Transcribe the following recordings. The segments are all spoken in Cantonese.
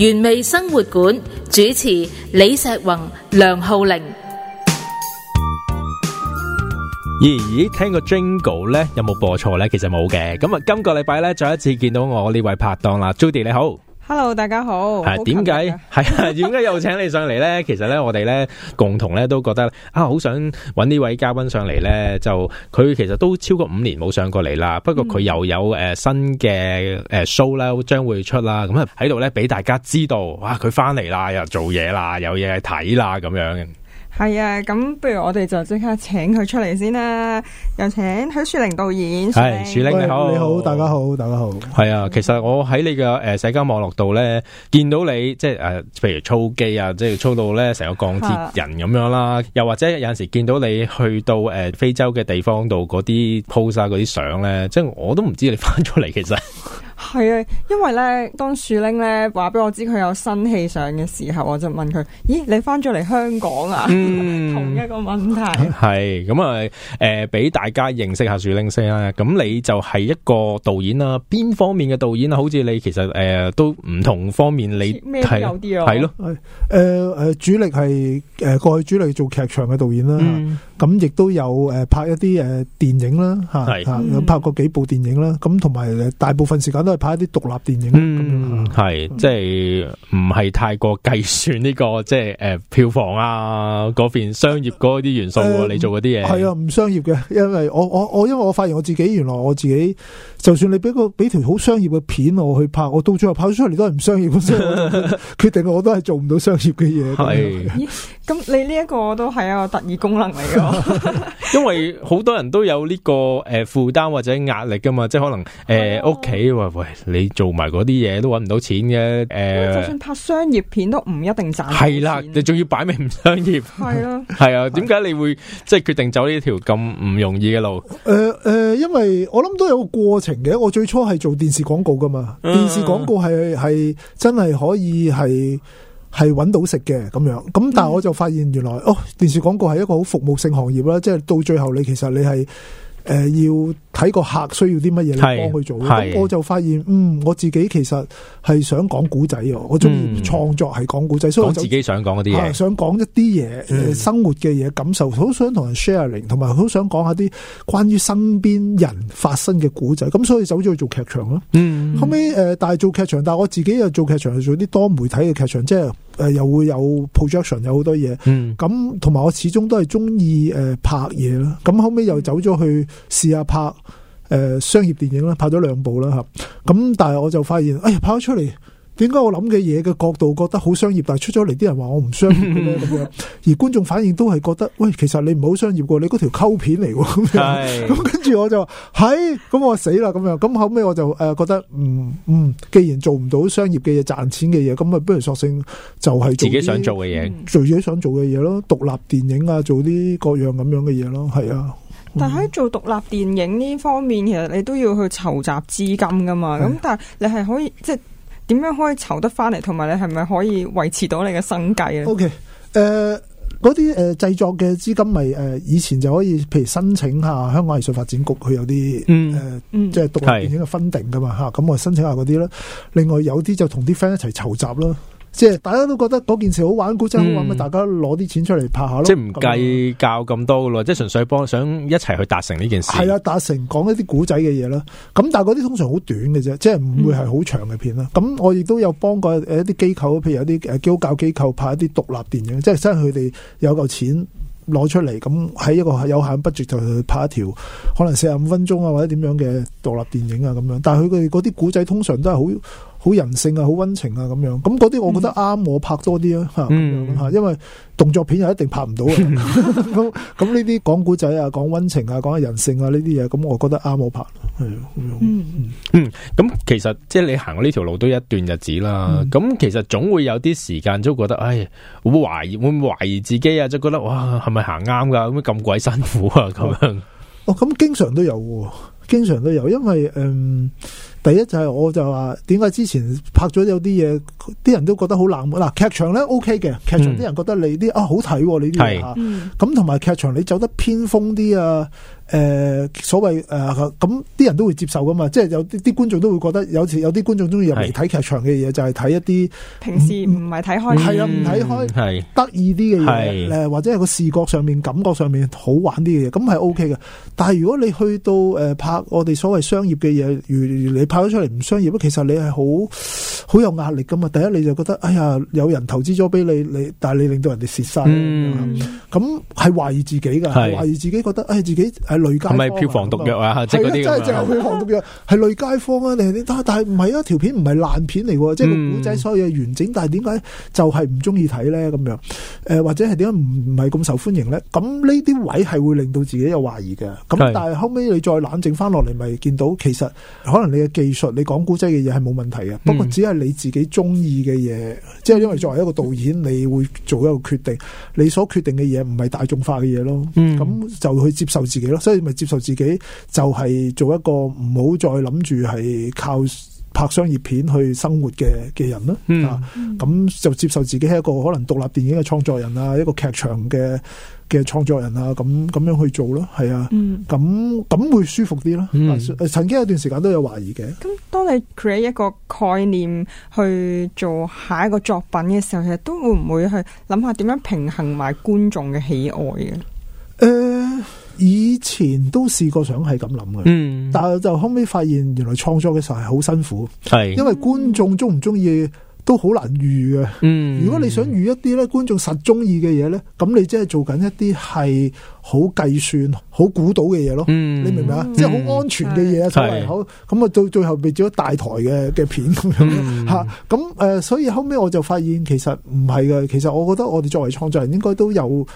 原味生活館主持李石宏、梁浩玲。咦咦，聽個 jingle 咧，有冇播錯咧？其實冇嘅。咁啊，今個禮拜咧，再一次見到我呢位拍檔啦，Judy 你好。Hello，大家好。係點解？係點解又請你上嚟咧？ 其實咧，我哋咧共同咧都覺得啊，好想搵呢位嘉賓上嚟咧。就佢其實都超過五年冇上過嚟啦。不過佢又有誒、呃、新嘅誒 show 啦，將會出啦。咁喺度咧，俾大家知道啊，佢翻嚟啦，又做嘢啦，有嘢睇啦，咁樣。係啊，咁不如我哋就即刻請佢出嚟先啦、啊。有請許樹寧導演，係，樹寧你好，你好，大家好，大家好。係啊，其實我喺你嘅誒社交網絡度咧，見到你即係誒，譬如操機啊，即係操到咧成個鋼鐵人咁樣啦。又或者有陣時見到你去到誒非洲嘅地方度嗰啲 po 晒嗰啲相咧，即係我都唔知你翻咗嚟其實。係啊，因為咧，當樹寧咧話俾我知佢有新戲上嘅時候，我就問佢，咦，你返咗嚟香港啊？嗯、 同一個問題係咁啊，誒、嗯，俾、嗯、大家認識下樹寧先 Sir 咁你就係一個導演啦，邊方面嘅導演啊？好似你其實誒、呃、都唔同方面，你咩都有啲啊？係咯，誒誒、嗯呃，主力係誒過去主力做劇場嘅導演啦，咁亦、嗯啊、都有誒拍一啲誒電影啦，吓、啊的嗯、拍過幾部電影啦，咁同埋大部分時間都。都係拍一啲獨立電影。嗯，係，嗯、即係唔係太過計算呢、呢個即係誒票房啊嗰邊商業嗰啲元素啊。呃、你做嗰啲嘢係啊，唔商業嘅，因為我我我因為我發現我自己原來我自己。就算你俾個俾條好商業嘅片我去拍，我到最後拍出嚟都係唔商業嘅 決定，我都係做唔到商業嘅嘢。係是，咁你呢一個都係一個特異功能嚟㗎。 因為好多人都有呢、這個誒負擔或者壓力噶嘛，即係可能誒屋企話喂，你做埋嗰啲嘢都揾唔到錢嘅。誒、呃，就算拍商業片都唔一定賺。係啦，你仲要擺明唔商業。係啊的，係啊， 點解你會即係決定走呢條咁唔容易嘅路？誒誒、呃呃，因為我諗都有個過程。嘅，我最初係做電視廣告㗎嘛，嗯嗯，電視廣告係係真係可以係係揾到食嘅咁樣，咁但係我就發現原來、嗯、哦，電視廣告係一個好服務性行業啦，即係到最後你其實你係。誒、呃，要睇個客需要啲乜嘢，你幫佢做。咁是我就發現，嗯，我自己其實係想講古仔，嗯、我中意創作係講古仔，所以講自己想講嗰啲嘢，想講一啲嘢，誒、嗯，生活嘅嘢，感受，好想同人 sharing，同埋好想講下啲關於身邊人發生嘅古仔。咁所以走咗去做劇場咯。嗯、後尾，誒、呃，但係做劇場，但係我自己又做劇場，做啲多媒體嘅劇場，即係。誒、呃、又會有 projection 有好多嘢，咁同埋我始終都係中意誒拍嘢啦，咁後尾又走咗去試下拍誒、呃、商業電影啦，拍咗兩部啦嚇，咁、啊、但係我就發現，哎呀拍咗出嚟～點解我諗嘅嘢嘅角度覺得好商業，但係出咗嚟啲人話我唔商業咁樣，而觀眾反應都係覺得，喂，其實你唔好商業喎，你嗰條溝片嚟喎，咁跟住我就話係，咁、 哎、我死啦咁樣。咁後尾我就誒覺得，嗯嗯，既然做唔到商業嘅嘢，賺錢嘅嘢，咁咪不如索性就係自己想做嘅嘢，做自己想做嘅嘢咯。獨立電影啊，做啲各樣咁樣嘅嘢咯，係啊。啊嗯、但係喺做獨立電影呢方面，其實你都要去籌集資金噶嘛。咁的但係你係可以即係。點樣可以籌得翻嚟，同埋你係咪可以維持到你嘅生計啊？OK，誒，嗰啲誒製作嘅資金咪、就、誒、是呃、以前就可以，譬如申請下香港藝術發展局，佢有啲誒，即係獨立電影嘅 funding 㗎嘛吓，咁我申請下嗰啲啦。另外有啲就同啲 friend 一齊籌集囉。即係大家都覺得嗰件事好玩，古仔好玩，咪、嗯、大家攞啲錢出嚟拍下咯。即係唔計較咁多噶咯，即係純粹幫想一齊去達成呢件事。係啊，達成講一啲古仔嘅嘢啦。咁但係嗰啲通常好短嘅啫，即係唔會係好長嘅片啦。咁、嗯、我亦都有幫過誒一啲機構，譬如有啲誒基督教機構拍一啲獨立電影，即係真係佢哋有夠錢攞出嚟，咁喺一個有限 budget 度拍一條可能四十五分鐘啊或者點樣嘅獨立電影啊咁樣。但係佢哋嗰啲古仔通常都係好。好人性啊，好溫情啊，咁樣咁嗰啲，咁咁我覺得啱、嗯、我拍多啲啊，吓吓，嗯、因為動作片又一定拍唔到嘅，咁咁呢啲講古仔啊，講溫情啊，講人性啊呢啲嘢，咁我覺得啱我拍，係咁其實即係你行過呢條路都一段日子啦，咁、嗯、其實總會有啲時間，都覺得，唉，會懷疑會懷疑自己啊，即係覺得，哇，係咪行啱噶？咁咁鬼辛苦啊，咁樣、嗯，哦，咁經常都有。經常都有，因為誒、嗯、第一就係我就話點解之前拍咗有啲嘢，啲人都覺得好冷門嗱、啊。劇場咧 OK 嘅劇場，啲人覺得你啲、嗯、啊好睇喎、啊，你啲嘢咁，同埋劇場你走得偏鋒啲啊。誒，所謂誒，咁啲人都會接受噶嘛，即係有啲啲觀眾都會覺得有，有啲觀眾中意入嚟睇劇場嘅嘢，就係睇一啲平時唔係睇開，係啊唔睇開，係得意啲嘅嘢，或者係個視覺上面、感覺上面好玩啲嘅嘢，咁係 O K 嘅。但係如果你去到誒拍我哋所謂商業嘅嘢，如你拍咗出嚟唔商業，其實你係好好有壓力噶嘛。第一你就覺得哎呀，有人投資咗俾你，你但係你令到人哋蝕身。咁係懷疑自己噶，懷疑自己覺得誒自己係咪票房毒藥啊？的即係嗰啲真係票房毒藥，係累 街坊啊！定你但係唔係啊？條片唔係爛片嚟，嗯、即係個古仔，所有嘢完整。但係點解就係唔中意睇咧？咁樣誒、呃，或者係點解唔唔係咁受歡迎咧？咁呢啲位係會令到自己有懷疑嘅。咁但係後尾你再冷靜翻落嚟，咪見到其實可能你嘅技術，你講古仔嘅嘢係冇問題嘅。嗯、不過只係你自己中意嘅嘢，即係因為作為一個導演，你會做一個決定，你所決定嘅嘢唔係大眾化嘅嘢咯。咁、嗯、就去接受自己咯。所以咪接受自己，就係做一個唔好再諗住係靠拍商業片去生活嘅嘅人咯，啊嗯，嗯，咁就接受自己係一個可能獨立電影嘅創作人啊，一個劇場嘅嘅創作人啊，咁咁樣,樣去做咯，啊，係啊。嗯，咁咁會舒服啲咯。嗯，曾經有段時間都有懷疑嘅。咁當你 create 一個概念去做下一個作品嘅時候，其實都會唔會去諗下點樣平衡埋觀眾嘅喜愛嘅誒。嗯以前都試過想係咁諗嘅，嗯、但係就後尾發現原來創作嘅時候係好辛苦，係是因為觀眾中唔中意都好難預嘅。嗯，如果你想預一啲咧觀眾實中意嘅嘢咧，咁你即係做緊一啲係好計算，好估到嘅嘢咯。嗯、你明唔明啊？嗯、即係好安全嘅嘢，所謂好咁啊，到最後變咗大台嘅嘅片咁樣吓。咁誒、嗯啊嗯，所以後尾我就發現其實唔係嘅，其實我覺得我哋作為創作人應該都有。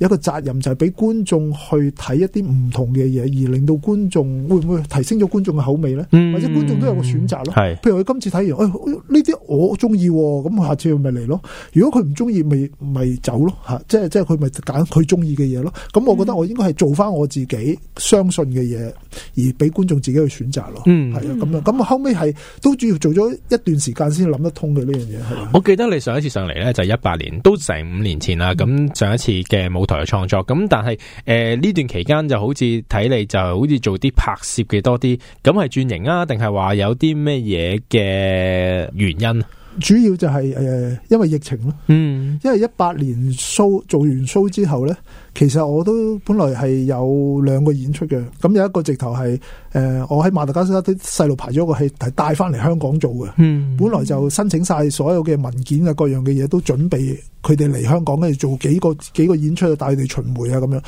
有一個責任就係、是、俾觀眾去睇一啲唔同嘅嘢，而令到觀眾會唔會提升咗觀眾嘅口味咧？嗯、或者觀眾都有個選擇咯。是譬如佢今次睇完，誒呢啲我中意，咁、嗯、下次佢咪嚟咯。如果佢唔中意，咪咪走咯吓。即係即係佢咪揀佢中意嘅嘢咯。咁、嗯、我覺得我應該係做翻我自己相信嘅嘢，而俾觀眾自己去選擇咯。係啊、嗯，咁樣咁後尾係都主要做咗一段時間先諗得通嘅呢樣嘢。係我記得你上一次上嚟咧就係一八年，都成五年前啦。咁、嗯、上一次嘅舞。台嘅創作咁。但係誒，呢段期間就好似睇你就好似做啲拍攝嘅多啲，咁係轉型啊，定係話有啲咩嘢嘅原因？主要就係、是、誒、呃，因為疫情咯。嗯，因為一八年 show 做完 show 之後咧，其實我都本來係有兩個演出嘅。咁有一個直頭係誒，我喺馬達加斯加啲細路排咗個戲，係帶翻嚟香港做嘅。嗯，本來就申請晒所有嘅文件啊，各樣嘅嘢都準備，佢哋嚟香港跟住做幾個幾個演出去帶佢哋巡迴啊咁樣。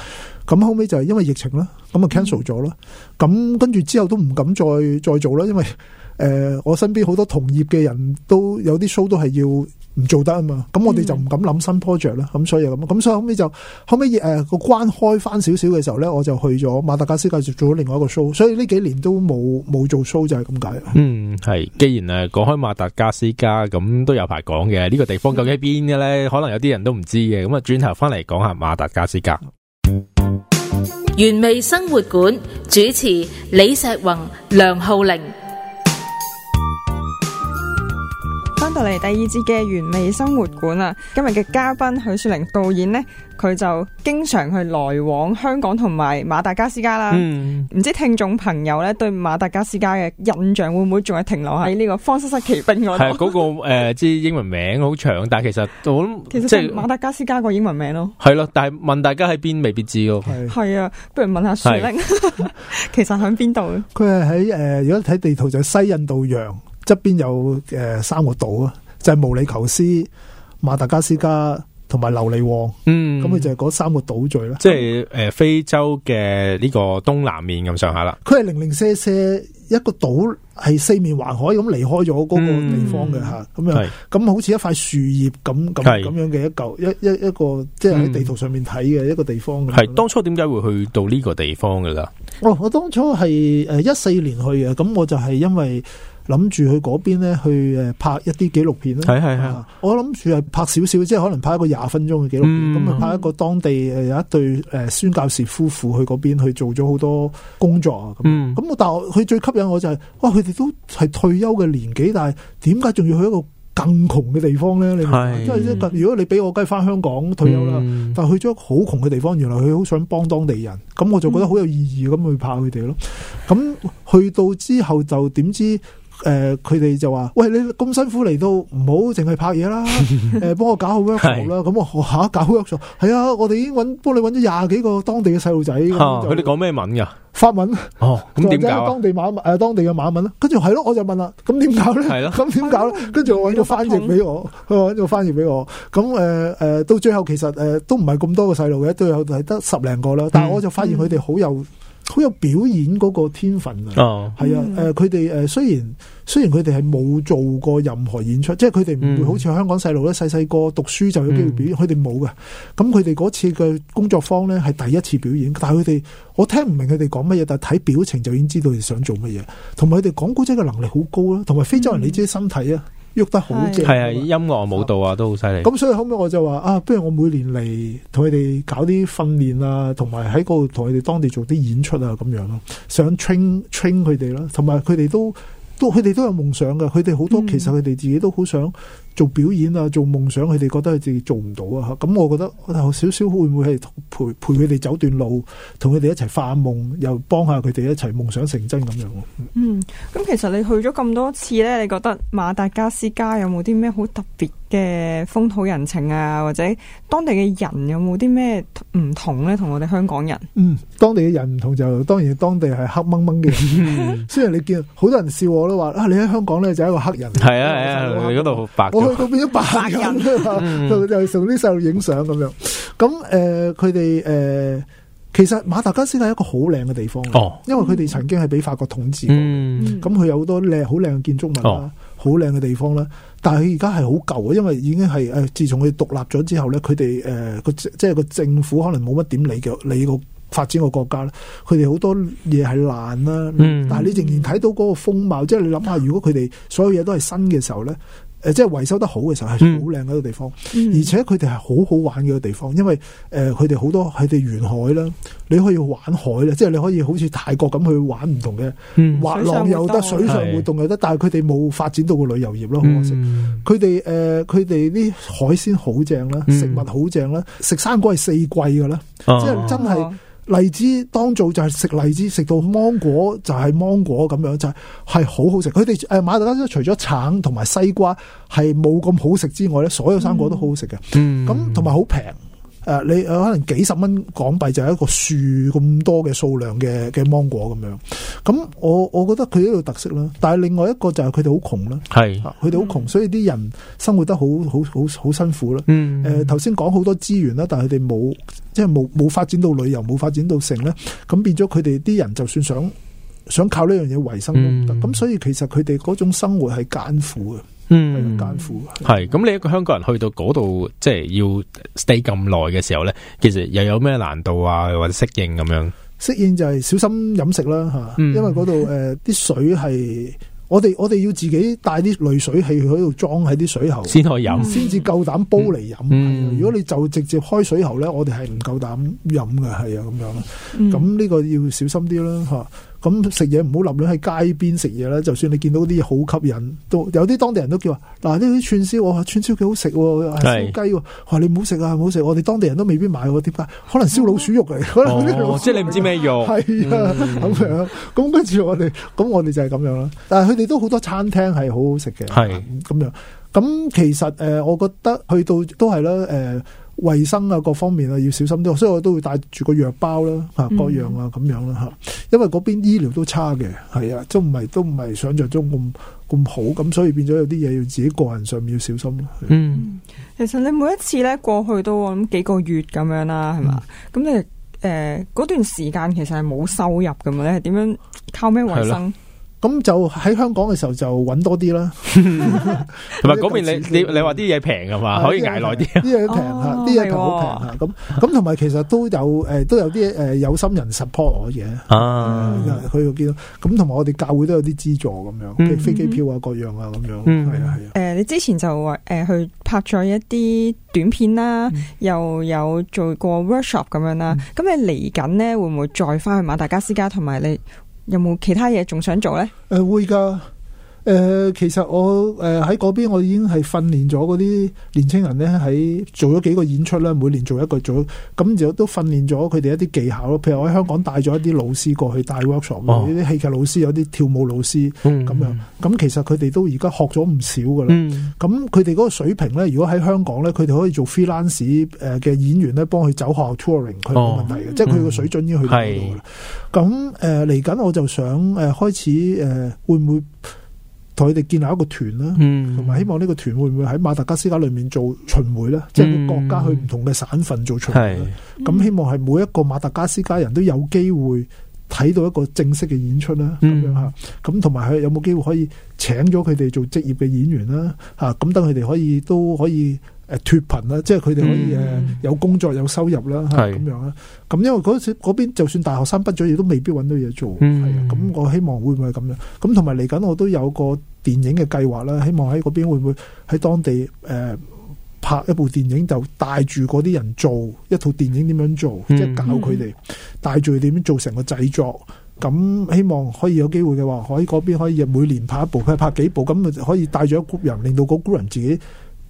咁後尾就係因為疫情啦，咁啊 cancel 咗咯。咁跟住之後都唔敢再再做啦，因為。誒，我身邊好多同業嘅人都有啲 show 都係要唔做得啊嘛，咁我哋就唔敢諗新 project 啦，咁所以咁，咁所以後尾就後尾誒個關開翻少少嘅時候咧，我就去咗馬達加斯加就做咗另外一個 show，所以呢幾年都冇冇做 show，就係咁解。嗯，係，既然誒講開馬達加斯加，咁都有排講嘅呢個地方究竟喺邊嘅咧？可能有啲人都唔知嘅，咁啊轉頭翻嚟講下馬達加斯加。原味生活館主持李石宏、梁浩玲。翻到嚟第二節嘅完美生活館啊！今日嘅嘉賓許樹寧導演咧，佢就經常去來往香港同埋馬達加斯加啦。嗯，唔知聽眾朋友咧對馬達加斯加嘅印象會唔會仲係停留喺呢個荒失失奇兵嗰？係嗰個誒，即係英文名好長，但係其實我諗其實即係馬達加斯加個英文名咯。係咯，但係問大家喺邊未必知咯。係係啊，不如問下樹寧，其實喺邊度？佢係喺誒，如果睇地圖就係西印度洋。側邊有誒、呃、三個島啊，就係、是、毛里求斯、馬達加斯加同埋留尼旺。嗯，咁佢就係嗰三個島嶼啦。即係誒，非洲嘅呢個東南面咁上下啦。佢係零零舍舍一個島，係四面環海咁離開咗嗰個地方嘅吓。咁、嗯、樣咁是好似一塊樹葉咁咁咁樣嘅是一嚿一一一個，即係喺地圖上面睇嘅一個地方。係、嗯嗯、當初點解會去到呢個地方嘅啦？哦、啊，我當初係誒一四年去嘅，咁我就係、是、因為。諗住去嗰邊咧，去誒拍一啲紀錄片咯。係係，我諗住係拍少少，即係可能拍一個廿分鐘嘅紀錄片。咁啊、嗯，拍一個當地誒有一對誒宣教士夫婦去嗰邊去做咗好多工作啊。咁咁，但係佢最吸引我就係，哇！佢哋都係退休嘅年紀，但係點解仲要去一個更窮嘅地方咧？你明唔明？是 即係，如果你俾我，梗係翻香港退休啦。嗯、但係去咗好窮嘅地方，原來佢好想幫當地人。咁我就覺得好有意義咁去拍佢哋咯。咁、嗯嗯、去到之後就點知？誒，佢哋，呃，就話，喂，你咁辛苦嚟到，唔好淨係拍嘢啦，誒， 呃，幫我搞好 workshop 啦。咁是我吓，啊，搞好 workshop，係啊，我哋已經搵，幫你搵咗廿幾個當地嘅細路仔。佢哋講咩文噶？法文。文文哦，咁點解？當地馬誒，當地嘅馬文啦。跟住係咯，我就問啦，咁點搞咧？係，嗯，咯。咁點解咧？跟住我搵咗翻譯俾我，佢搵咗翻譯俾我。咁，嗯，誒，誒，到最後其實誒，都唔係咁多個細路嘅，都有係得十零個啦。但係我就發現佢哋好有。好有表演嗰個天分，oh, 啊！係啊，嗯，誒佢哋誒雖然雖然佢哋係冇做過任何演出，即係佢哋唔會好似香港細路咧細細個讀書就有機會表演，佢哋冇嘅。咁佢哋嗰次嘅工作坊咧係第一次表演，但係佢哋，我聽唔明佢哋講乜嘢，但係睇表情就已經知道佢想做乜嘢，同埋佢哋講古仔嘅能力好高啦，同埋非洲人你知啲身體啊。嗯嗯喐得好正，係啊！音樂舞蹈啊，嗯、都好犀利。咁所以後尾我就話啊，不如我每年嚟同佢哋搞啲訓練啊，同埋喺度同佢哋當地做啲演出啊，咁樣咯，想 train, train train 佢哋啦，同埋佢哋都都佢哋都有夢想嘅，佢哋好多其實佢哋自己都好想、嗯。做表演啊，做夢想，佢哋覺得佢自己做唔到啊！咁我覺得頭少少會唔會係陪陪佢哋走段路，同佢哋一齊發夢，又幫下佢哋一齊夢想成真咁樣咯。嗯，咁其實你去咗咁多次呢，你覺得馬達加斯加有冇啲咩好特別嘅風土人情啊，或者當地嘅人有冇啲咩唔同呢？同我哋香港人，嗯，當地嘅人唔同就當然當地係黑掹掹嘅， 雖然你見好多人笑我都話啊，你喺香港呢就係一個黑人，係啊係啊，啊我我你嗰度好白。去到變咗白人，就就係同啲細路影相咁樣。咁誒、 嗯，佢哋誒，其實馬達加斯加係一個好靚嘅地方，哦，因為佢哋曾經係俾法國統治過，咁佢、嗯嗯、有好多靚、好靚嘅建築物啦，好靚嘅地方啦。但係佢而家係好舊啊，因為已經係誒、呃，自從佢獨立咗之後咧，佢哋誒個即係個政府可能冇乜點理嘅，理個發展個國家啦。佢哋好多嘢係爛啦，但係你仍然睇到嗰個風貌。即係你諗下，如果佢哋所有嘢都係新嘅時候咧。誒即係維修得好嘅時候係好靚嘅一個地方，嗯、而且佢哋係好好玩嘅地方，因為誒佢哋好多佢哋沿海啦，你可以玩海啦，即係你可以好似泰國咁去玩唔同嘅滑浪又得水上活動又得,得，但係佢哋冇發展到個旅遊業咯，好可惜。佢哋誒佢哋啲海鮮好正啦，食物好正啦，嗯、食生果係四季㗎啦，嗯、即係真係。嗯嗯荔枝當造就係食荔枝，食到芒果就係芒果咁樣，就係好好食。佢哋誒馬達加斯除咗橙同埋西瓜係冇咁好食之外咧，所有生果都好好食嘅。嗯，咁同埋好平。誒你誒可能幾十蚊港幣就係一個樹咁多嘅數量嘅嘅芒果咁樣，咁我我覺得佢呢度特色啦。但係另外一個就係佢哋好窮啦，係，佢哋好窮，所以啲人生活得好好好好辛苦啦。嗯，誒頭先講好多資源啦，但係佢哋冇即係冇冇發展到旅遊，冇發展到城咧，咁變咗佢哋啲人就算想想靠呢樣嘢維生都唔得，咁所以其實佢哋嗰種生活係艱苦嘅。嗯，艱苦係咁，你一個香港人去到嗰度，即係要 stay 咁耐嘅時候咧，其實又有咩難度啊，或者適應咁樣？適應就係小心飲食啦，吓，因為嗰度誒啲水係，我哋我哋要自己帶啲濾水器去嗰度裝喺啲水喉先可以飲，先至夠膽煲嚟飲。如果你就直接開水喉咧，我哋係唔夠膽飲嘅，係啊咁樣咯。咁呢個要小心啲啦，吓。咁食嘢唔好立亂喺街邊食嘢啦，就算你見到啲嘢好吸引，都有啲當地人都叫話嗱呢啲串燒，哦、串燒幾好食，嗯、燒雞、哦，話、哦、你唔好食啊，唔好食，我哋當地人都未必買喎啲番，可能燒老鼠肉嚟，可能、哦、即係你唔知咩肉係 啊咁樣，是、嗯、樣，咁跟住我哋，咁我哋就係咁樣啦。但係佢哋都好多餐廳係好好食嘅，係咁樣。咁其實誒、呃，我覺得去到都係啦，誒、呃。衛生啊，各方面啊，要小心啲，所以我都會帶住個藥包啦，吓各樣啊咁樣啦吓，嗯、因為嗰邊醫療都差嘅，係啊，都唔係都唔係想象中咁咁好，咁所以變咗有啲嘢要自己個人上面要小心咯。嗯，其實你每一次咧過去都咁幾個月咁樣啦，係嘛，咁、嗯、你誒嗰、呃、段時間其實係冇收入咁咧，係點樣靠咩維生？咁就喺香港嘅時候就揾多啲啦，同埋嗰邊你你你話啲嘢平啊嘛，可以捱耐啲。啲嘢平啊，啲嘢好平啊。咁咁同埋其實都有誒都有啲誒有心人 support 我嘢啊，佢又見到咁，同埋我哋教會都有啲資助咁樣，譬如飛機票啊各樣啊咁樣，係啊係啊。誒，你之前就話誒去拍咗一啲短片啦，又有做過 workshop 咁樣啦。咁你嚟緊呢會唔會再翻去馬達加斯加？同埋你，有冇其他嘢仲想做咧？誒、呃，會噶。誒、呃，其實我誒喺嗰邊，我已經係訓練咗嗰啲年青人咧，喺做咗幾個演出啦，每年做一個組，咁就都訓練咗佢哋一啲技巧咯。譬如我喺香港帶咗一啲老師過去帶 workshop，哦、有啲戲劇老師，有啲跳舞老師嗯、咁樣。咁其實佢哋都而家學咗唔少噶啦。咁佢哋嗰個水平咧，如果喺香港咧，佢哋可以做 freelance 誒嘅演員咧，幫佢走學校 touring，佢冇問題嘅，哦、即係佢個水準已經去到嗰度啦。咁誒嚟緊我就想誒、呃、開始誒、呃、會唔會？同佢哋建立一個團啦，同埋、嗯、希望呢個團會唔會喺馬達加斯加裏面做巡迴咧？嗯、即係個國家去唔同嘅省份做巡迴。咁是、嗯、希望係每一個馬達加斯加人都有機會睇到一個正式嘅演出啦。咁樣嚇，咁同埋佢有冇機會可以請咗佢哋做職業嘅演員啦？嚇、啊，咁等佢哋可以都可以。誒脫貧啦，即係佢哋可以誒、嗯、有工作有收入啦，係、咁樣啦。咁因為嗰次嗰邊就算大學生畢咗業都未必揾到嘢做，係啊、嗯。咁我希望會唔會咁樣？咁同埋嚟緊我都有個電影嘅計劃啦，希望喺嗰邊會唔會喺當地誒、呃、拍一部電影，就帶住嗰啲人做一套電影點樣做，嗯、即係教佢哋、嗯、帶住佢點樣做成個製作。咁希望可以有機會嘅話，喺嗰邊可以每年拍一部，佢拍幾部咁，可以帶住一羣人，令到嗰羣人自己。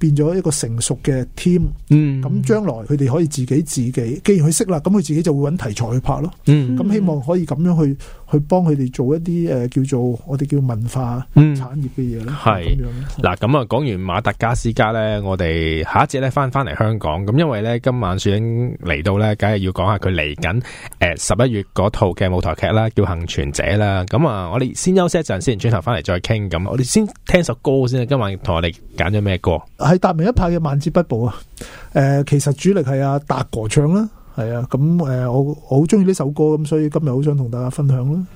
變咗一個成熟嘅 team，咁將來佢哋可以自己自己，既然佢識啦，咁佢自己就會搵題材去拍咯。咁、嗯、希望可以咁樣去。去幫佢哋做一啲誒、呃，叫做我哋叫文化產業嘅嘢咧。係嗱、嗯，咁啊，講完馬達加斯加咧，我哋下一節咧翻翻嚟香港。咁因為咧，今晚樹寧嚟到咧，梗係要講下佢嚟緊誒十一月嗰套嘅舞台劇啦，叫《倖存者》啦。咁啊，我哋先休息一陣先，轉頭翻嚟再傾。咁我哋先聽首歌先。今晚同我哋揀咗咩歌？係達明一派嘅《晚節不保》啊。誒、呃，其實主力係阿達哥唱啦。係啊，咁誒、呃，我我好中意呢首歌，咁所以今日好想同大家分享啦。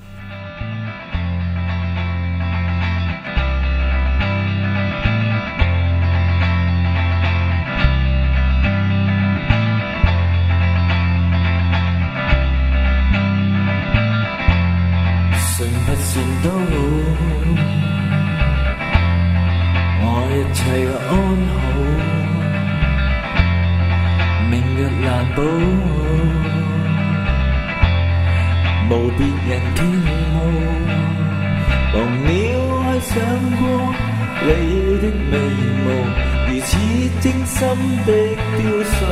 你的眉毛如此精心的雕塑，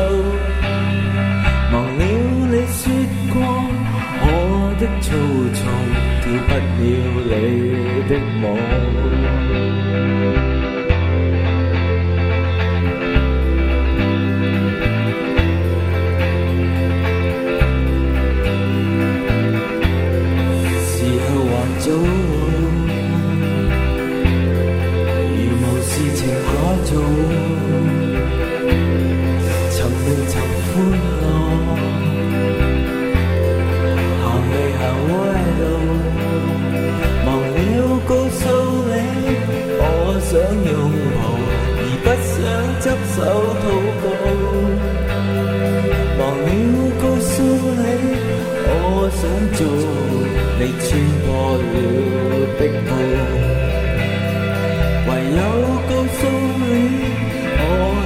忘了你說過我的粗叢跳不了你的舞。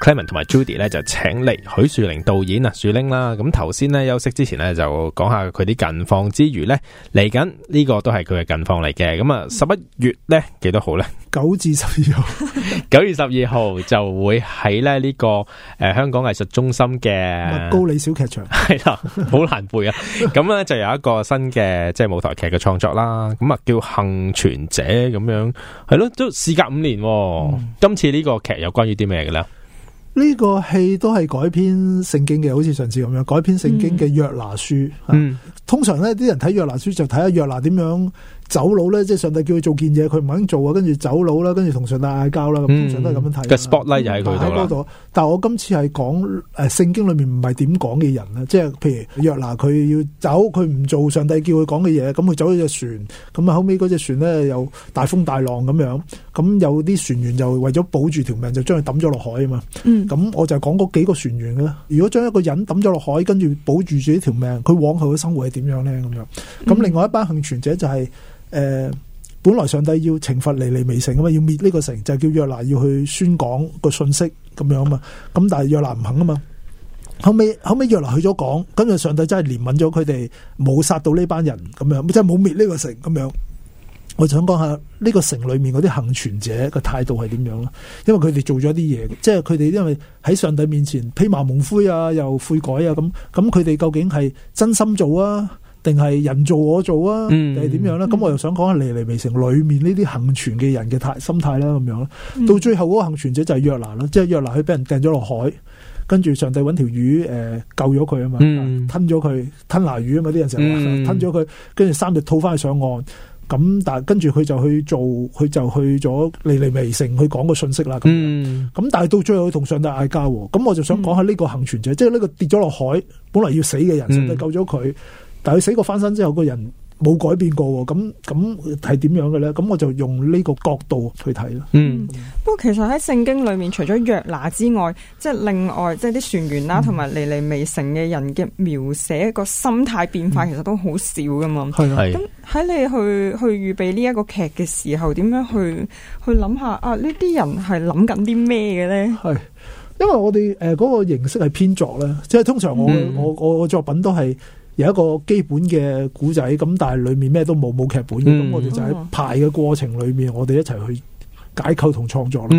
Clement 同埋 Judy 咧就請嚟許樹寧導演啊樹寧啦，咁頭先咧休息之前咧就講下佢啲近況之餘咧嚟緊呢、這個都係佢嘅近況嚟嘅，咁啊十一月咧幾多呢至號咧？九至十二號，九月十二號就會喺咧呢個誒、呃、香港藝術中心嘅麥高利小劇場係 啦，好難背啊！咁咧 就有一個新嘅即係舞台劇嘅創作啦，咁啊叫倖存者咁樣係咯，都事隔五年、啊，嗯、今次呢個劇有關於啲咩嘅咧？呢個戲都係改編聖經嘅，好似上次咁樣改編聖經嘅約拿書。嗯、通常呢啲人睇約拿書就睇下約拿點樣走佬咧，即係上帝叫佢做件嘢，佢唔肯做啊，跟住走佬啦，跟住同上帝嗌交啦。嗯、咁通常都係咁樣睇。個 spotlight 就喺佢度啦。但係我今次係講誒、呃、聖經裏面唔係點講嘅人啦，即係譬如約拿佢要走，佢唔做上帝叫佢講嘅嘢，咁佢走咗隻船，咁啊後尾嗰隻船咧又大風大浪咁樣。咁有啲船員就為咗保住條命，就將佢抌咗落海啊嘛。咁我就講嗰幾個船員嘅啦。如果將一個人抌咗落海，跟住保住住呢條命，佢往後嘅生活係點樣咧？咁樣。咁另外一班倖存者就係，誒，本來上帝要懲罰尼尼微城啊嘛，要滅呢個城，就叫約拿要去宣講個信息咁樣啊嘛。咁但係約拿唔肯啊嘛。後尾後尾約拿去咗講，跟住上帝真係憐憫咗佢哋，冇殺到呢班人咁樣，即係冇滅呢個城咁樣。我想講下呢、這個城裏面嗰啲幸存者個態度係點樣啦？因為佢哋做咗啲嘢，即係佢哋因為喺上帝面前披麻蒙灰啊，又悔改啊，咁咁佢哋究竟係真心做啊，定係人做我做啊，定係點樣咧？咁、嗯嗯、我又想講下尼尼微城裏面的的呢啲幸存嘅人嘅態心態啦，咁樣咯。到最後嗰個幸存者就係約拿啦，即係約拿佢俾人掟咗落海，跟住上帝揾條魚誒、呃、救咗佢啊嘛，嗯、吞咗佢吞拿魚啊嘛，啲人成日吞咗佢，跟住三日吐翻去上岸。咁但係跟住佢就去做，佢就去咗尼尼微城去講個信息啦。咁，咁但係到最後佢同上帝嗌交，咁、嗯嗯、我就想講下呢個幸存者，即係呢個跌咗落海，本來要死嘅人，上帝救咗佢，嗯、但係佢死過翻身之後，個人。冇改變過喎，咁咁係點樣嘅咧？咁我就用呢個角度去睇啦。嗯，嗯不過其實喺聖經裡面，除咗約拿之外，即係另外即係啲船員啦、啊，同埋尼尼微城嘅人嘅描寫，個心態變化其實都好少噶嘛。係係、嗯。咁喺你去去預備呢一個劇嘅時候，點樣去去諗下啊？呢啲人係諗緊啲咩嘅咧？係因為我哋誒嗰個形式係編作咧，即係通常我、嗯、我我作品都係。有一個基本嘅古仔，咁但係裏面咩都冇，冇劇本嘅，咁、嗯、我哋就喺排嘅過程裏面，嗯、我哋一齊去解構同創作咯。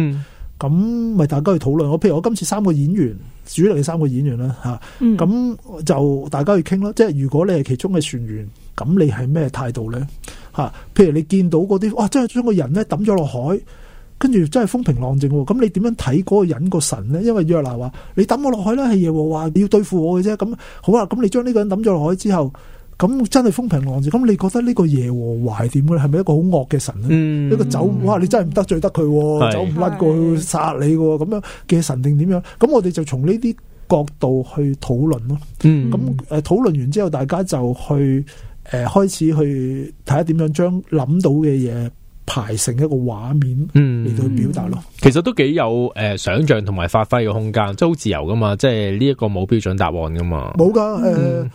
咁咪、嗯、大家去討論，我譬如我今次三個演員，主流嘅三個演員啦，吓、啊，咁就大家去傾咯。即係如果你係其中嘅船員，咁你係咩態度咧？吓、啊，譬如你見到嗰啲，哇，真係將個人咧抌咗落海。跟住真係風平浪靜，咁你點樣睇嗰個人個神咧？因為約拿話你抌我落去啦，係耶和華你要對付我嘅啫。咁好啦，咁你將呢個人抌咗落去之後，咁真係風平浪靜。咁你覺得呢個耶和華係點嘅咧？係咪一個好惡嘅神咧？嗯、一個走唔你真係唔得罪得佢，嗯、走唔甩過去殺你嘅咁是樣嘅神定點樣？咁我哋就從呢啲角度去討論咯。咁誒、嗯，討論、嗯、完之後，大家就去誒、呃、開始去睇下點樣將諗到嘅嘢，排成一個畫面，嚟到表達咯。其實都幾有誒、呃、想象同埋發揮嘅空間，即係好自由噶嘛。即係呢一個冇標準答案噶嘛。冇噶，誒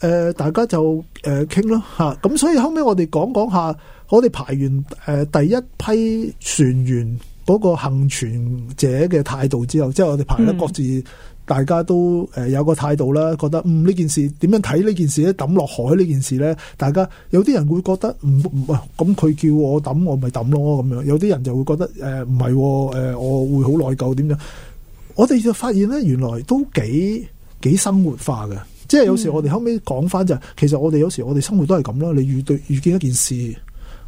誒，大家就誒傾咯吓。咁、呃啊、所以後尾我哋講講下，我哋排完誒、呃、第一批船員。嗰個倖存者嘅態度之後，即係我哋排得各自，大家都誒、呃、有個態度啦。覺得嗯呢件事點樣睇呢件事咧，抌落海呢件事咧，大家有啲人會覺得唔唔啊，咁佢叫我抌，我咪抌咯咁樣。有啲人就會覺得誒唔係誒，我會好內疚點樣。我哋就發現咧，原來都幾幾生活化嘅，即係有時我哋後尾講翻就係，其實我哋有時我哋生活都係咁啦。你遇對遇見一件事。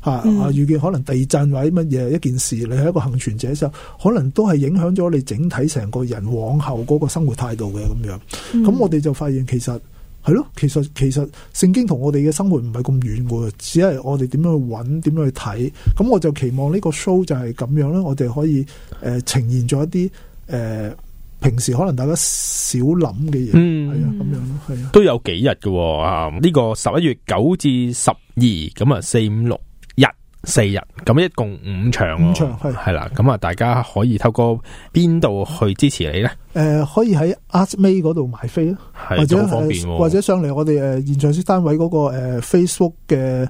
啊！遇見可能地震或者乜嘢一件事，你係一個幸存者時候，可能都係影響咗你整體成個人往後嗰個生活態度嘅咁樣。咁我哋就發現其實係咯，其實其實聖經同我哋嘅生活唔係咁遠嘅，只係我哋點樣去搵，點樣去睇。咁我就期望呢個 show 就係咁樣咧，我哋可以誒呈現咗一啲誒平時可能大家少諗嘅嘢，係啊咁樣咯，係啊都有幾日嘅啊！呢個十一月九至十二咁啊四五六。四日，咁一共五場，五場係係啦，咁啊，大家可以透過邊度去支持你咧？誒、呃，可以喺 Art-mate 嗰度買飛咯，的或者係、啊、或者上嚟我哋誒、呃、現場式單位嗰、那個誒、呃、Facebook 嘅。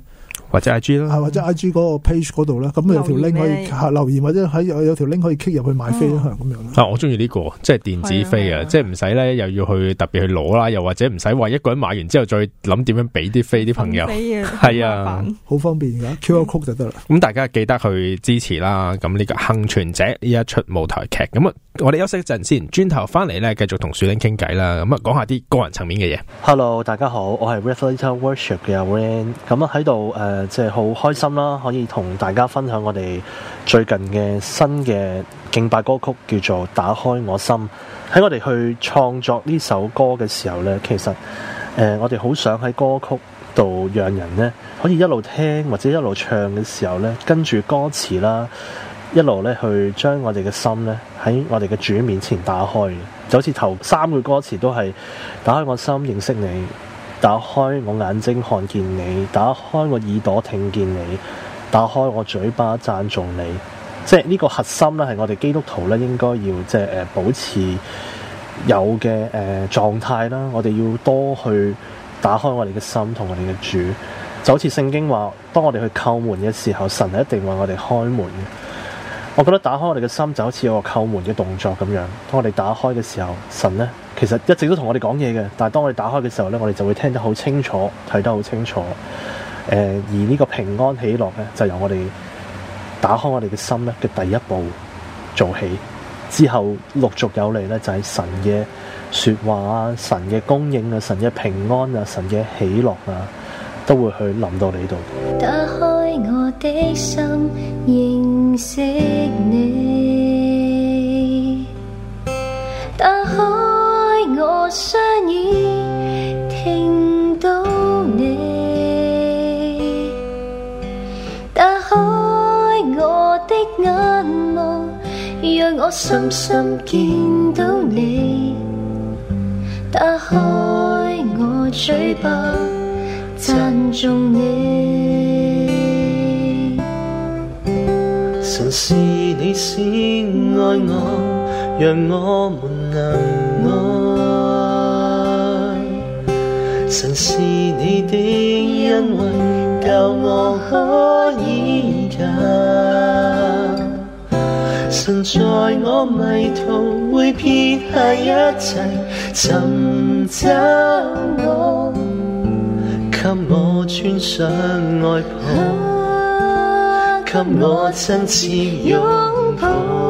或者 I G 啦，或者 I G 嗰個 page 嗰度咧，咁啊有條 link 可以留言或者喺有有條 link 可以 click 入去買飛啊，咁樣啊，我中意呢個，即係電子飛啊，即係唔使咧，又要去特別去攞啦，又或者唔使話一個人買完之後再諗點樣俾啲飛啲朋友。係啊，好方便噶，QR code 就得啦。咁大家記得去支持啦。咁呢個《幸存者》呢一齣舞台劇，咁啊，我哋休息一陣先，轉頭翻嚟咧，繼續同樹寧傾偈啦。咁啊，講下啲個人層面嘅嘢。Hello，大家好，我係 Reflector Worship 嘅 Wayne 咁啊喺度誒。即係好開心啦，可以同大家分享我哋最近嘅新嘅敬拜歌曲，叫做《打開我心》。喺我哋去創作呢首歌嘅時候咧，其實誒、呃，我哋好想喺歌曲度讓人咧，可以一路聽或者一路唱嘅時候咧，跟住歌詞啦，一路咧去將我哋嘅心咧，喺我哋嘅主面前打開，就好似頭三個歌詞都係打開我心，認識你。打開我眼睛看見你，打開我耳朵聽見你，打開我嘴巴讚頌你。即係呢、這個核心咧，係我哋基督徒咧應該要即係誒、呃、保持有嘅誒、呃、狀態啦。我哋要多去打開我哋嘅心同我哋嘅主。就好似聖經話，當我哋去叩門嘅時候，神係一定為我哋開門嘅。我覺得打開我哋嘅心就好似有個叩門嘅動作咁樣。當我哋打開嘅時候，神呢。其實一直都同我哋講嘢嘅，但係當我哋打開嘅時候呢，我哋就會聽得好清楚，睇得好清楚。誒、呃，而呢個平安喜樂呢，就由我哋打開我哋嘅心呢嘅第一步做起，之後陸續有嚟呢，就係、是、神嘅說話啊，神嘅供應啊，神嘅平安啊，神嘅喜樂啊，都會去臨到你度。打開我的心，認識你。我雙耳聽到你，打開我的眼眸，讓我深深見到你，打開我嘴巴讚頌你。神是你先愛我，讓我們能。神是你的恩惠，教我可以靠。神在我迷途會撇下一切，尋找我，給我穿上外袍，給我親切擁抱。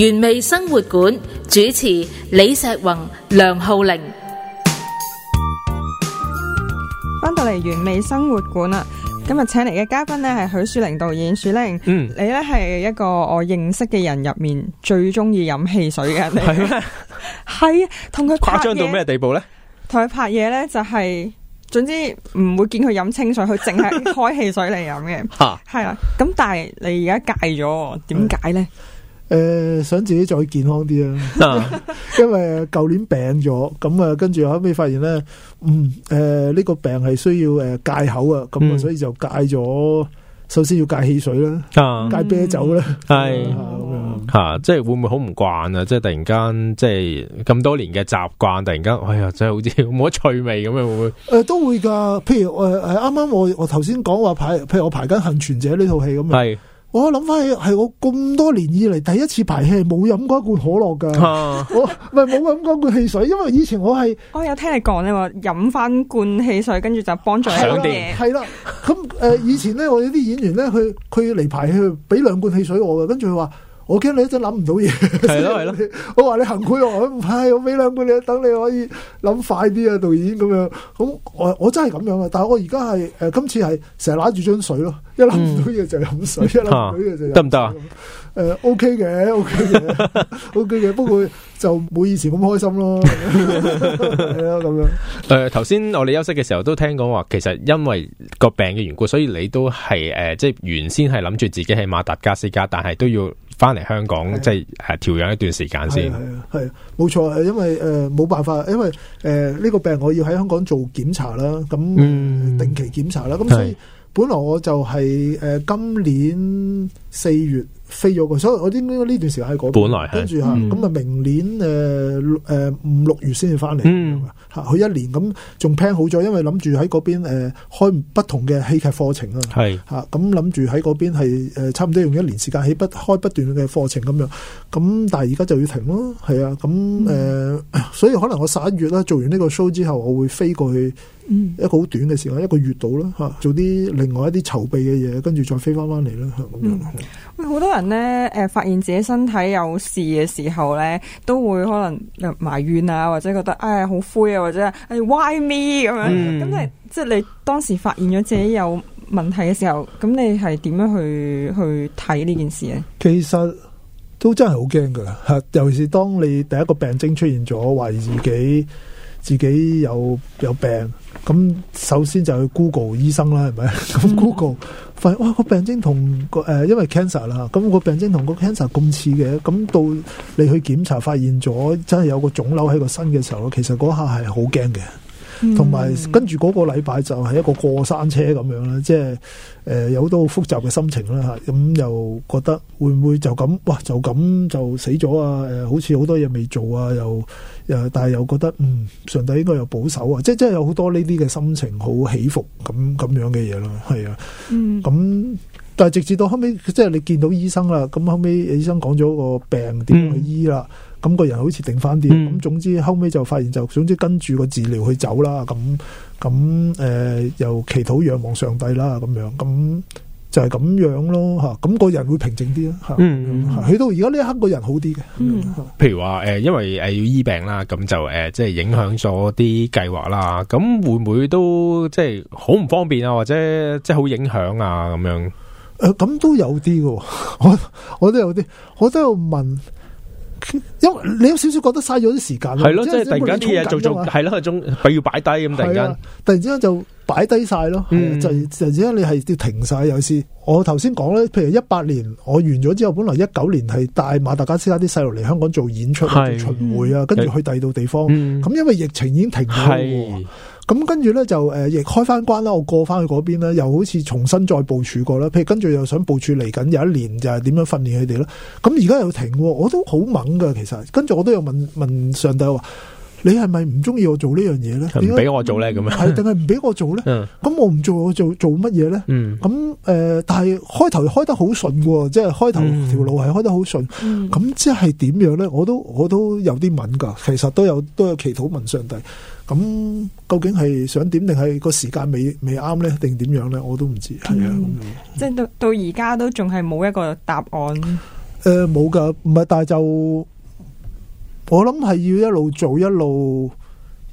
原味生活館主持李石宏、梁浩玲，翻到嚟原味生活館啦，今日請嚟嘅嘉賓咧，係許樹寧導演。樹寧，嗯，你咧，係一個我認識嘅人入面最中意飲汽水嘅人嚟，係咩？係啊，同佢誇張到咩地步咧？同佢拍嘢咧就係，總之唔會見佢飲清水，佢淨係開汽水嚟飲嘅，吓係啦。咁但係你而家戒咗，點解咧？誒，想自己再健康啲啦，因為舊年病咗，咁啊，跟住後尾發現咧，嗯，誒，呢個病係需要誒戒口啊，咁啊，所以就戒咗，首先要戒汽水啦，戒啤酒啦，係吓，即係會唔會好唔慣啊？即係突然間，即係咁多年嘅習慣，突然間，哎呀，真係好似冇乜趣味咁樣會唔會？誒，都會噶，譬如誒誒，啱啱我我頭先講話排，譬如我排緊《倖存者》呢套戲咁樣，係。我諗翻起係我咁多年以嚟第一次排戲冇飲過一罐可樂噶， 我唔係冇飲過一罐汽水，因為以前我係 我有聽你講你話，飲翻罐汽水，跟住就幫助，充嘢。 係啦，咁誒、呃，以前咧我有啲演員咧，佢佢嚟排戲俾兩罐汽水我噶，跟住佢話。我驚你一陣諗唔到嘢，係咯係咯，我話你行開我唔係我俾兩杯你，等你可以諗快啲啊，導演咁樣，咁我我真係咁樣啊，但係我而家係誒今次係成日攞住樽水咯，一諗唔到嘢就飲水，一諗唔到嘢就得唔得啊？誒、嗯呃、，OK 嘅，OK 嘅 ，OK 嘅，不過就冇以前咁開心咯，係啊， 咁樣。誒、呃，頭先我哋休息嘅時候都聽講話，其實因為個病嘅緣故，所以你都係誒、呃，即係原先係諗住自己係馬達加斯加，但係都要。翻嚟香港，的即係誒調養一段時間先。係啊，係啊，冇錯，因為誒冇辦法，因為誒呢個病我要喺香港做檢查啦，咁、嗯、定期檢查啦，咁所以的本來我就係、是、誒、呃、今年四月。飛咗嘅，所以我啲呢段時間喺嗰邊，本來係跟住吓咁啊。嗯、明年誒誒五六月先至翻嚟，吓、嗯、去一年咁仲 plan 好咗，因為諗住喺嗰邊誒開不同嘅戲劇課程啊，吓咁諗住喺嗰邊係誒差唔多用一年時間喺不開不斷嘅課程咁樣咁，但係而家就要停咯，係啊咁誒、嗯呃，所以可能我十一月啦做完呢個 show 之後，我會飛過去。嗯、一個好短嘅時間，一個月度啦吓，做啲另外一啲籌備嘅嘢，跟住再飛翻翻嚟啦咁樣。喂、嗯，好、嗯嗯、多人呢，誒、呃，發現自己身體有事嘅時候呢，都會可能埋怨啊，或者覺得唉好灰啊，或者係、哎、why me 咁樣。咁、嗯嗯、你即係你當時發現咗自己有問題嘅時候，咁、嗯、你係點樣去去睇呢件事呢？其實都真係好驚噶，尤其是當你第一個病徵出現咗，懷疑自己。自己有有病，咁首先就去 Google 醫生啦，係咪？咁 Google 發現哇，個病徵同個誒，因為 cancer 啦，咁個病徵同個 cancer 咁似嘅，咁到你去檢查發現咗，真係有個腫瘤喺個身嘅時候咧，其實嗰下係好驚嘅，同埋跟住嗰個禮拜就係一個過山車咁樣啦，即係誒有好多好複雜嘅心情啦嚇，咁又覺得會唔會就咁哇，就咁就死咗啊？誒，好似好多嘢未做啊，又～誒，但係又覺得嗯，上帝應該有保守啊，即係即係有好多呢啲嘅心情好起伏咁咁樣嘅嘢咯，係啊，嗯，咁、嗯、但係直至到後尾，即係你見到醫生啦，咁、嗯、後尾醫生、嗯、講咗個病點去醫啦，咁個人好似定翻啲，咁總之後尾就發現就總之跟住個治療去走啦，咁咁誒，又、嗯嗯呃、祈禱仰望上帝啦，咁樣咁。嗯嗯嗯就係咁樣咯吓，咁個人會平靜啲啦吓。嗯，去到而家呢一刻個人好啲嘅。譬如話誒，因為誒要醫病啦，咁就誒即係影響咗啲計劃啦。咁會唔會都即係好唔方便啊？或者即係好影響啊？咁樣誒，咁都有啲嘅。我我都有啲，我都有問，因為你有少少覺得嘥咗啲時間。係咯，即係突然間啲嘢做做，係咯，佢要擺低咁，突然間，突然之間就。擺低晒咯，就就只因你係要停晒有時。我頭先講咧，譬如一八年我完咗之後，本來一九年係帶馬達加斯加啲細路嚟香港做演出，是做巡迴啊，跟住去第二度地方。咁、嗯、因為疫情已經停咗，咁是、哦、跟住咧就誒、呃、開翻關啦，我過翻去嗰邊啦，又好似重新再部署過啦。譬如跟住又想部署嚟緊，有一年就係點樣訓練佢哋咯。咁而家又停，我都好猛噶。其實跟住我都有問問上帝話。你係咪唔中意我做呢樣嘢咧？唔俾我做咧咁樣？係定係唔俾我做咧？咁我唔做，我做做乜嘢咧？咁誒、 嗯呃，但係開頭開得好順，嗯、即係開頭條路係開得好順。咁即係點樣咧？我都我都有啲問噶，其實都有都有祈禱問上帝。咁、嗯、究竟係想點定係個時間未未啱咧，定點樣咧？我都唔知。係、嗯、啊，嗯、即係到到而家都仲係冇一個答案。誒，冇噶，唔係，但係就。我諗係要一路做一路，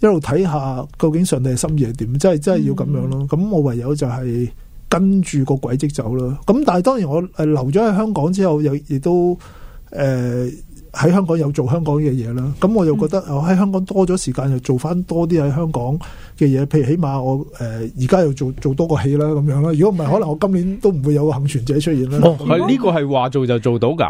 一路睇下究竟上帝嘅心意係點，即係真係要咁樣咯。咁、嗯、我唯有就係跟住個軌迹走啦。咁但係當然我誒留咗喺香港之後，又亦都誒喺、呃、香港有做香港嘅嘢啦。咁我又覺得我喺香港多咗時間，又做翻多啲喺香港嘅嘢。譬如起碼我誒而家又做做多個戲啦，咁樣啦。如果唔係，可能我今年都唔會有個幸存者出現啦。哦，係呢個係話做就做到噶。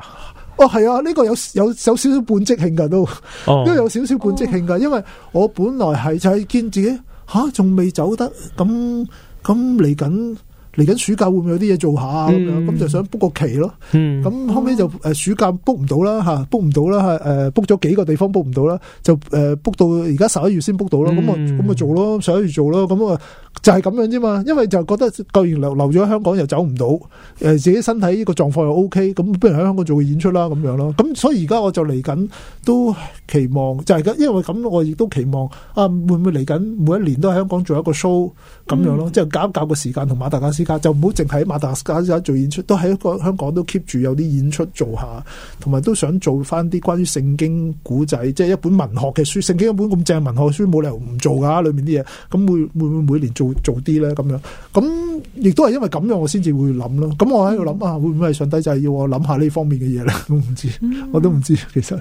哦，係啊，呢、這個有有有，有少少半即興噶都，都、這個、有少少半即興噶，Oh. 因為我本來係就係、是、見自己，吓仲未走得，咁咁嚟緊。嚟緊暑假會唔會有啲嘢做下咁樣？咁就想 book 個期咯。咁後尾就誒暑假 book 唔到啦嚇，book 唔到啦誒，book 咗幾個地方 book 唔到啦，就誒 book 到而家十一月先 book 到啦。咁啊咁啊做咯，十一月做咯。咁啊就係咁樣啫嘛。因為就覺得既然留留咗喺香港又走唔到，誒自己身體依個狀況又 OK，咁不如喺香港做個演出啦咁樣咯。咁所以而家我就嚟緊都期望就係咁，因為咁我亦都期望啊會唔會嚟緊每一年都喺香港做一個 show 咁樣咯，即係搞一搞個時間同馬達加斯。但就唔好淨喺馬達加斯加之間做演出，都喺一個香港都 keep 住有啲演出做下，同埋都想做翻啲關於聖經古仔，即係一本文學嘅書。聖經一本咁正文學書，冇理由唔做㗎。裏面啲嘢，咁會會唔會每年做做啲咧咁樣？咁亦都係因為咁樣，我先至會諗咯。咁我喺度諗啊，會唔會係上帝就係要我諗下呢方面嘅嘢咧？我唔知，我都唔知其實。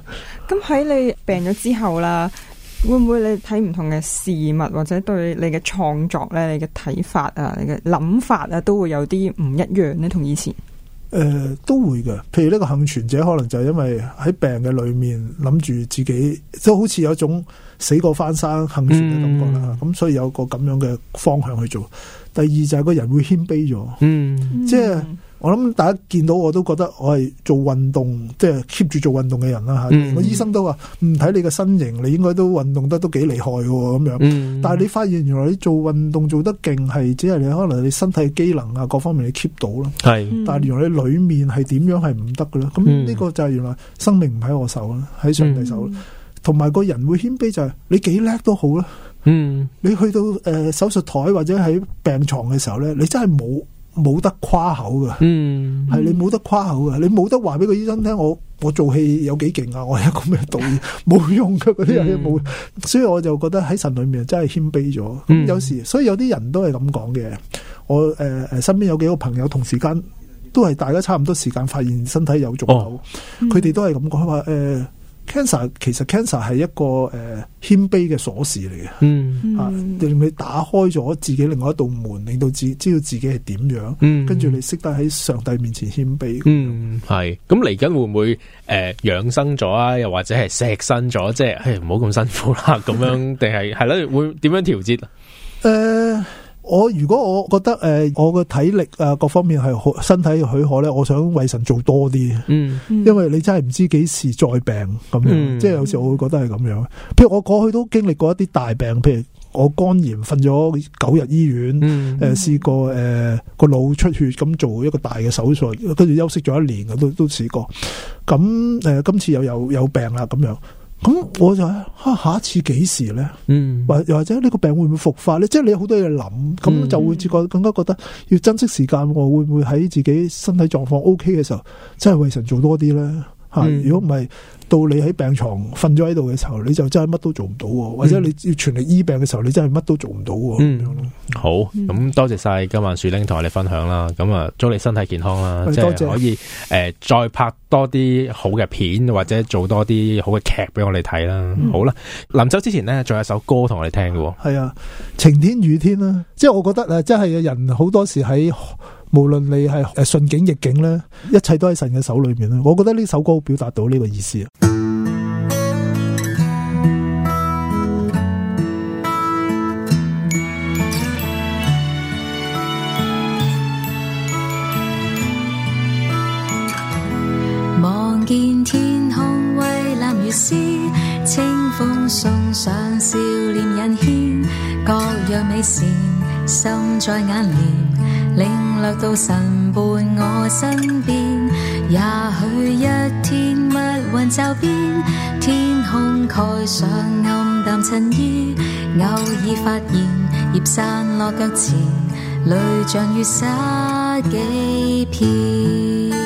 咁喺你病咗之後啦。會唔會你睇唔同嘅事物，或者對你嘅創作咧，你嘅睇法啊，你嘅諗法啊，都會有啲唔一樣咧，同以前？誒、呃，都會嘅。譬如呢個幸存者，可能就係因為喺病嘅裏面諗住自己，都好似有一種死過翻生幸存嘅感覺啦。咁、嗯、所以有個咁樣嘅方向去做。第二就係個人會謙卑咗，嗯，即係。我諗大家見到我都覺得我係做運動，即係 keep 住做運動嘅人啦吓。我醫生都話，嗯，唔睇你嘅身形，你應該都運動得都幾厲害嘅咁樣。但係你發現原來你做運動做得勁，係只係你可能你身體機能啊各方面你 keep 到啦。係，但係原來你裏面係點樣係唔得嘅咧。咁呢個就係原來生命唔喺我手啦，喺上帝手。同埋個人會謙卑就係你幾叻都好啦。嗯，你去到誒手術台或者喺病床嘅時候咧，你真係冇。冇得誇口㗎，係、嗯嗯、你冇得誇口㗎，你冇得話俾個醫生聽我我做戲有幾勁啊！我有我一個咩導演，冇用㗎嗰啲嘢，冇，所以我就覺得喺神裏面真係謙卑咗。有時所以有啲人都係咁講嘅，我誒誒、呃、身邊有幾個朋友同時間都係大家差唔多時間發現身體有腫瘤，佢哋，哦嗯、都係咁講話誒。呃 cancer 其實 cancer 係一個誒謙、呃、卑嘅鎖匙嚟嘅，嗯、啊令你打開咗自己另外一道門，令到自知道自己係點樣，跟住、嗯、你識得喺上帝面前謙卑。嗯，係咁嚟緊會唔會誒養、呃、生咗啊？又或者係石身咗，即係唔好咁辛苦啦？咁樣定係係咯？會點樣調節？誒、呃。我如果我覺得誒、呃、我個體力啊、呃、各方面係好，身體許可咧，我想為神做多啲。嗯，因為你真係唔知幾時再病咁樣，嗯、即係有時我會覺得係咁樣。譬如我過去都經歷過一啲大病，譬如我肝炎瞓咗九日醫院，誒試、嗯嗯、過誒、呃、個腦出血咁做一個大嘅手術，跟住休息咗一年嘅，都都試過。咁誒、呃、今次又又有病啦咁樣。咁我就吓、啊、下一次幾時咧？或又、嗯、或者呢個病會唔會復發咧？即係你有好多嘢諗，咁、嗯、就會自覺更加覺得要珍惜時間。我會唔會喺自己身體狀況 OK 嘅時候，真係為神做多啲咧？吓、啊，如果唔係。到你喺病床瞓咗喺度嘅時候，你就真係乜都做唔到，嗯、或者你要全力醫病嘅時候，你真係乜都做唔到。嗯，樣好，咁、嗯、多謝晒今晚樹寧同我哋分享啦，咁啊，祝你身體健康啦，即係、嗯、可以誒多謝、呃，再拍多啲好嘅片或者做多啲好嘅劇俾我哋睇啦。嗯、好啦，臨走之前咧，再有一首歌同我哋聽嘅。係啊,啊，晴天雨天啦、啊，即係我覺得誒，即係人好多時喺。無論你係順境逆境呢，一切都喺神嘅手裏面。我覺得呢首歌表達到呢個意思。望見天空蔚藍如絲，清風送上少年人牽，各樣美善，心在眼簾。領略到神伴我身邊，也許一天密雲就變，天空蓋上暗淡襯衣，偶爾發現葉散落腳前，淚像雨灑幾片。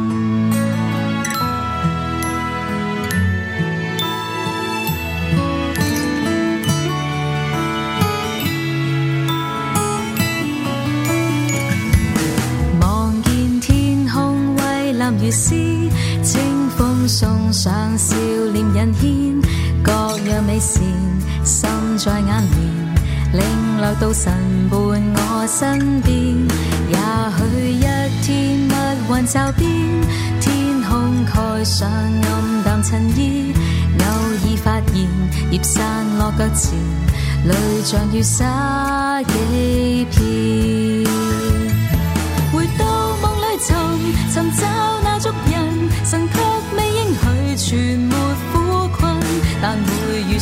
雨絲，清風送上笑臉引牽，各樣美善心在眼簾，領略到神伴我身邊。也許一天密雲驟變，天空蓋上暗淡襯衣，偶爾發現葉散落腳前，淚像雨灑幾片。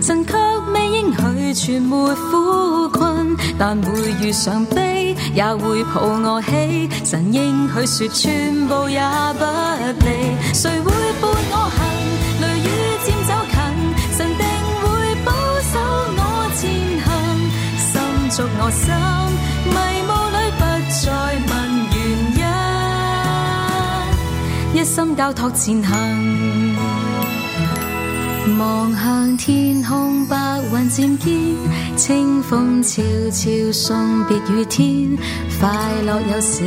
神卻未應許全沒苦困，但每遇上悲，也會抱我起。神應許説，全部也不離，誰會伴我行？雷雨漸走近，神定會保守我前行。心足我心，迷霧裏不再問原因，一心交託前行。望向天空，白雲漸見，清風悄悄送別雨天。快樂有時，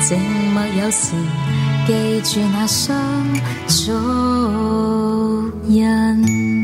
靜默有時，記住那雙足印。